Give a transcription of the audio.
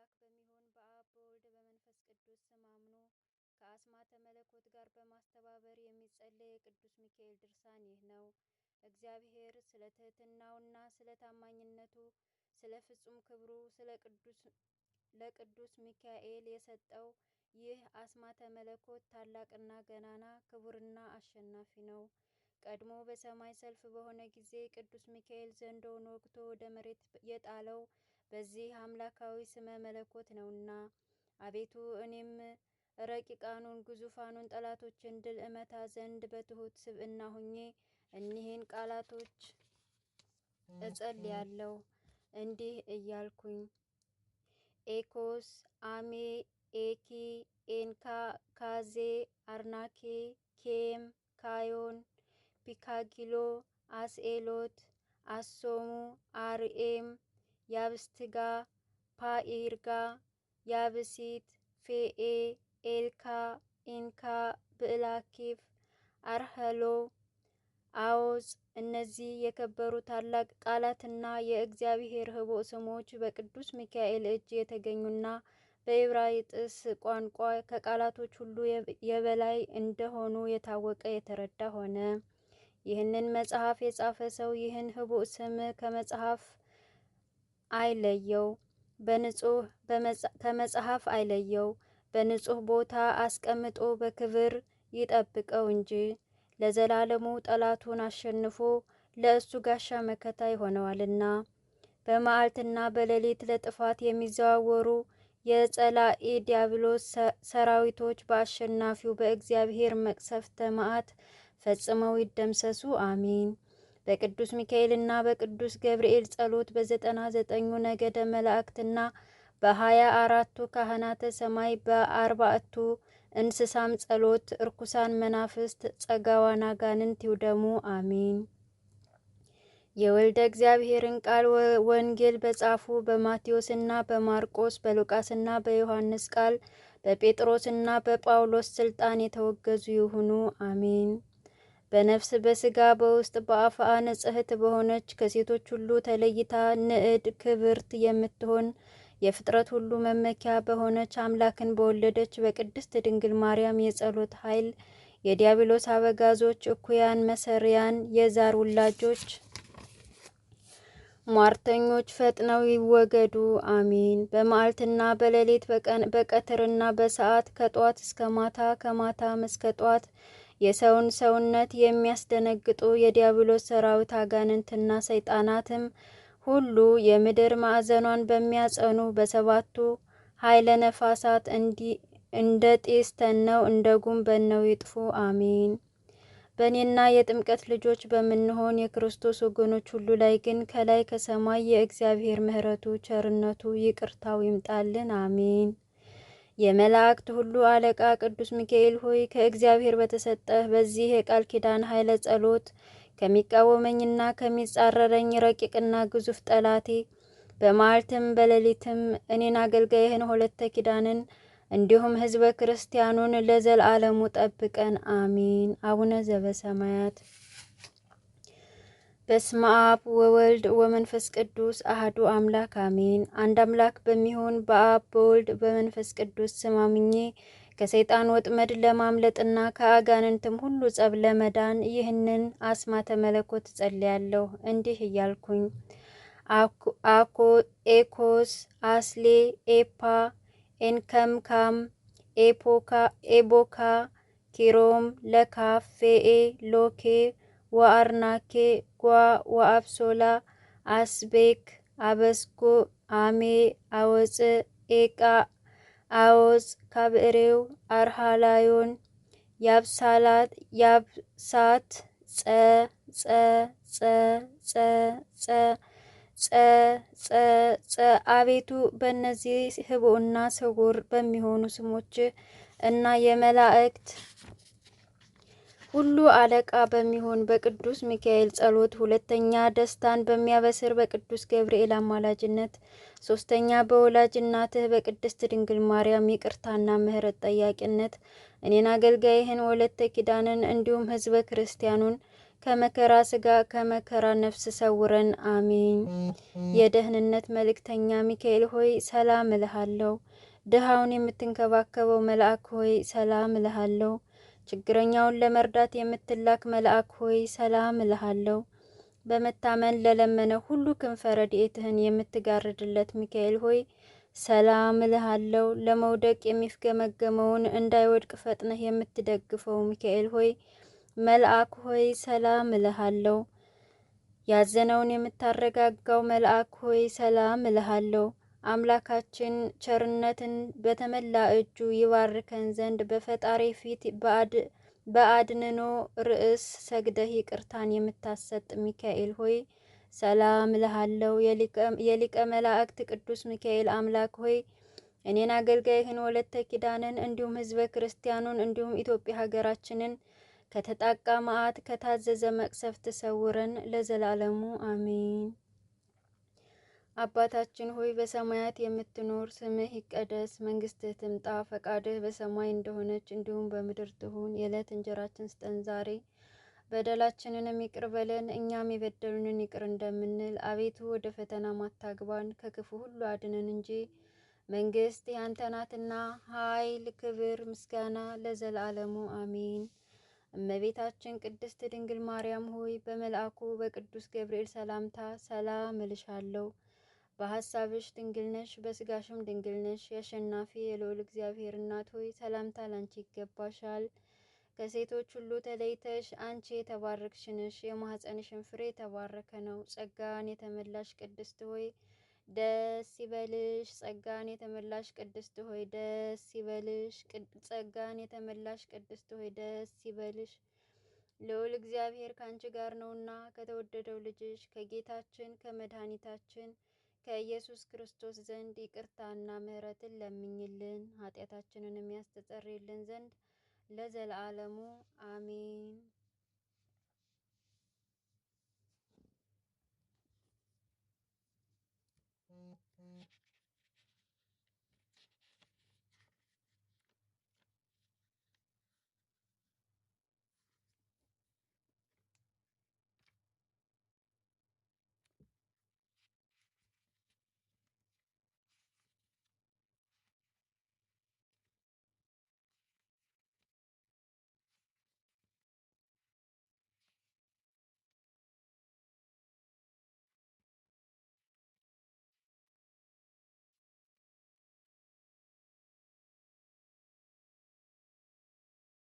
አምላክ በሚሆን በአብ በወልድ በመንፈስ ቅዱስ ስም አምኖ ከአስማተ መለኮት ጋር በማስተባበር የሚጸለይ የቅዱስ ሚካኤል ድርሳን ይህ ነው። እግዚአብሔር ስለ ትህትናውና ስለ ታማኝነቱ፣ ስለ ፍጹም ክብሩ ስለ ቅዱስ ለቅዱስ ሚካኤል የሰጠው ይህ አስማተ መለኮት ታላቅና ገናና ክቡርና አሸናፊ ነው። ቀድሞ በሰማይ ሰልፍ በሆነ ጊዜ ቅዱስ ሚካኤል ዘንዶውን ወግቶ ወደ መሬት የጣለው በዚህ አምላካዊ ስመ መለኮት ነውና። አቤቱ እኔም ረቂቃኑን ግዙፋኑን ጠላቶችን ድል እመታ ዘንድ በትሁት ስብዕና ሁኜ እኒህን ቃላቶች እጸልያለሁ እንዲህ እያልኩኝ ኤኮስ አሜ ኤኪ ኤንካ ካዜ አርናኬ ኬም ካዮን ፒካጊሎ አስኤሎት አሶሙ አርኤም ያብስትጋ ፓኢርጋ ያብሲት ፌኤ ኤልካ ኢንካ ብዕላኪፍ አርኸሎ አውዝ እነዚህ የከበሩ ታላቅ ቃላትና የእግዚአብሔር ህቡዕ ስሞች በቅዱስ ሚካኤል እጅ የተገኙና በዕብራይጥስ ቋንቋ ከቃላቶች ሁሉ የበላይ እንደሆኑ የታወቀ የተረዳ ሆነ። ይህንን መጽሐፍ የጻፈ ሰው ይህን ህቡዕ ስም ከመጽሐፍ አይለየው፣ በንጹህ ከመጽሐፍ አይለየው፣ በንጹህ ቦታ አስቀምጦ በክብር ይጠብቀው እንጂ ለዘላለሙ ጠላቱን አሸንፎ ለእሱ ጋሻ መከታ ይሆነዋልና። በመዓልትና በሌሊት ለጥፋት የሚዘዋወሩ የጸላኢ ዲያብሎስ ሰራዊቶች በአሸናፊው በእግዚአብሔር መቅሰፍተ መዓት ፈጽመው ይደምሰሱ። አሚን። በቅዱስ ሚካኤልና በቅዱስ ገብርኤል ጸሎት በዘጠና ዘጠኙ ነገደ መላእክትና በሀያ አራቱ ካህናተ ሰማይ በአርባዕቱ እንስሳም ጸሎት እርኩሳን መናፍስት ጸጋዋን አጋንንት ይውደሙ፣ አሚን። የወልደ እግዚአብሔርን ቃል ወንጌል በጻፉ በማቴዎስና በማርቆስ በሉቃስና በዮሐንስ ቃል በጴጥሮስና በጳውሎስ ስልጣን የተወገዙ ይሁኑ፣ አሚን። በነፍስ በስጋ በውስጥ በአፋ ንጽህት በሆነች ከሴቶች ሁሉ ተለይታ ንዕድ ክብርት የምትሆን የፍጥረት ሁሉ መመኪያ በሆነች አምላክን በወለደች በቅድስት ድንግል ማርያም የጸሎት ኃይል የዲያብሎስ አበጋዞች፣ እኩያን፣ መሰሪያን፣ የዛር ውላጆች፣ ሟርተኞች ፈጥነው ይወገዱ። አሚን። በመዓልትና በሌሊት በቀትርና በሰዓት ከጧት እስከ ማታ ከማታም እስከ ጧት የሰውን ሰውነት የሚያስደነግጡ የዲያብሎስ ሰራዊት አጋንንትና ሰይጣናትም ሁሉ የምድር ማዕዘኗን በሚያጸኑ በሰባቱ ኃይለ ነፋሳት እንደ ጢስ ተነው እንደ ጉም በነው ይጥፉ። አሚን። በእኔና የጥምቀት ልጆች በምንሆን የክርስቶስ ወገኖች ሁሉ ላይ ግን ከላይ ከሰማይ የእግዚአብሔር ምሕረቱ፣ ቸርነቱ፣ ይቅርታው ይምጣልን። አሜን። የመላእክት ሁሉ አለቃ ቅዱስ ሚካኤል ሆይ ከእግዚአብሔር በተሰጠህ በዚህ የቃል ኪዳን ኃይለ ጸሎት ከሚቃወመኝና ከሚጻረረኝ ረቂቅና ግዙፍ ጠላቴ በማልትም በሌሊትም እኔን አገልጋይህን ሁለተ ኪዳንን እንዲሁም ሕዝበ ክርስቲያኑን አለሙ ጠብቀን፣ አሚን። አቡነ ዘበሰማያት በስመ አብ ወወልድ ወመንፈስ ቅዱስ አህዱ አምላክ አሜን። አንድ አምላክ በሚሆን በአብ በወልድ በመንፈስ ቅዱስ ስም አምኜ ከሰይጣን ወጥመድ ለማምለጥና ከአጋንንትም ሁሉ ጸብ ለመዳን ይህንን አስማተ መለኮት ጸልያለሁ እንዲህ እያልኩኝ አኮ ኤኮስ አስሌ ኤፓ ኤንከምካም ኤቦካ ኪሮም ለካፌኤ ሎኬ ወአርናኬ አስኳ ወአብሶላ አስቤክ አበስኩ አሜ አወፅ ኤቃ አወፅ ካብእሬው አርሃላዮን ያብሳላት ያብሳት ጸ ጸ ጸ ጸ ጸ ጸ ጸ ጸ አቤቱ በእነዚህ ህቡእና ስውር በሚሆኑ ስሞች እና የመላእክት ሁሉ አለቃ በሚሆን በቅዱስ ሚካኤል ጸሎት፣ ሁለተኛ ደስታን በሚያበስር በቅዱስ ገብርኤል አማላጅነት፣ ሶስተኛ በወላጅ እናትህ በቅድስት ድንግል ማርያም ይቅርታና ምሕረት ጠያቂነት እኔን አገልጋይህን ወለተ ኪዳንን እንዲሁም ህዝበ ክርስቲያኑን ከመከራ ስጋ ከመከራ ነፍስ ሰውረን፣ አሚን። የደህንነት መልእክተኛ ሚካኤል ሆይ ሰላም እልሃለሁ። ድሃውን የምትንከባከበው መልአክ ሆይ ሰላም እልሃለሁ። ችግረኛውን ለመርዳት የምትላክ መልአክ ሆይ ሰላም እልሃለሁ። በመታመን ለለመነ ሁሉ ክንፈ ረድኤትህን የምትጋርድለት ሚካኤል ሆይ ሰላም እልሃለሁ። ለመውደቅ የሚፍገመገመውን እንዳይወድቅ ፈጥነህ የምትደግፈው ሚካኤል ሆይ መልአክ ሆይ ሰላም እልሃለሁ። ያዘነውን የምታረጋጋው መልአክ ሆይ ሰላም እልሃለሁ። አምላካችን ቸርነትን በተመላ እጁ ይባርከን ዘንድ በፈጣሪ ፊት በአድንኖ ርዕስ ሰግደህ ይቅርታን የምታሰጥ ሚካኤል ሆይ ሰላም እልሃለሁ። የሊቀ መላእክት ቅዱስ ሚካኤል አምላክ ሆይ እኔን አገልጋይህን ወለተ ኪዳንን እንዲሁም ህዝበ ክርስቲያኑን እንዲሁም ኢትዮጵያ ሀገራችንን ከተጣቃ መዓት ከታዘዘ መቅሰፍት ሰውረን ለዘላለሙ አሜን። አባታችን ሆይ በሰማያት የምትኖር፣ ስምህ ይቀደስ፣ መንግስትህ ትምጣ፣ ፈቃድህ በሰማይ እንደሆነች እንዲሁም በምድር ትሁን። የዕለት እንጀራችን ስጠን ዛሬ፣ በደላችንንም ይቅር በለን እኛም የበደሉንን ይቅር እንደምንል። አቤቱ ወደ ፈተና ማታግባን፣ ከክፉ ሁሉ አድነን እንጂ መንግስት ያንተ ናትና፣ ኃይል፣ ክብር፣ ምስጋና ለዘላለሙ አሜን። እመቤታችን ቅድስት ድንግል ማርያም ሆይ በመልአኩ በቅዱስ ገብርኤል ሰላምታ ሰላም እልሻለሁ። በሐሳብሽ ድንግል ነሽ፣ በስጋሽም ድንግል ነሽ። የአሸናፊ የልዑል እግዚአብሔር እናት ሆይ ሰላምታ ላንቺ ይገባሻል። ከሴቶች ሁሉ ተለይተሽ አንቺ የተባረክሽ ነሽ፣ የማኅፀንሽን ፍሬ የተባረከ ነው። ጸጋን የተመላሽ ቅድስት ሆይ ደስ ይበልሽ። ጸጋን የተመላሽ ቅድስት ሆይ ደስ ይበልሽ። ጸጋን የተመላሽ ቅድስት ሆይ ደስ ይበልሽ። ልዑል እግዚአብሔር ከአንቺ ጋር ነውና ከተወደደው ልጅሽ ከጌታችን ከመድኃኒታችን ከኢየሱስ ክርስቶስ ዘንድ ይቅርታና ምሕረትን ለምኝልን ኃጢአታችንን የሚያስተሰርይልን ዘንድ ለዘላለሙ አሜን።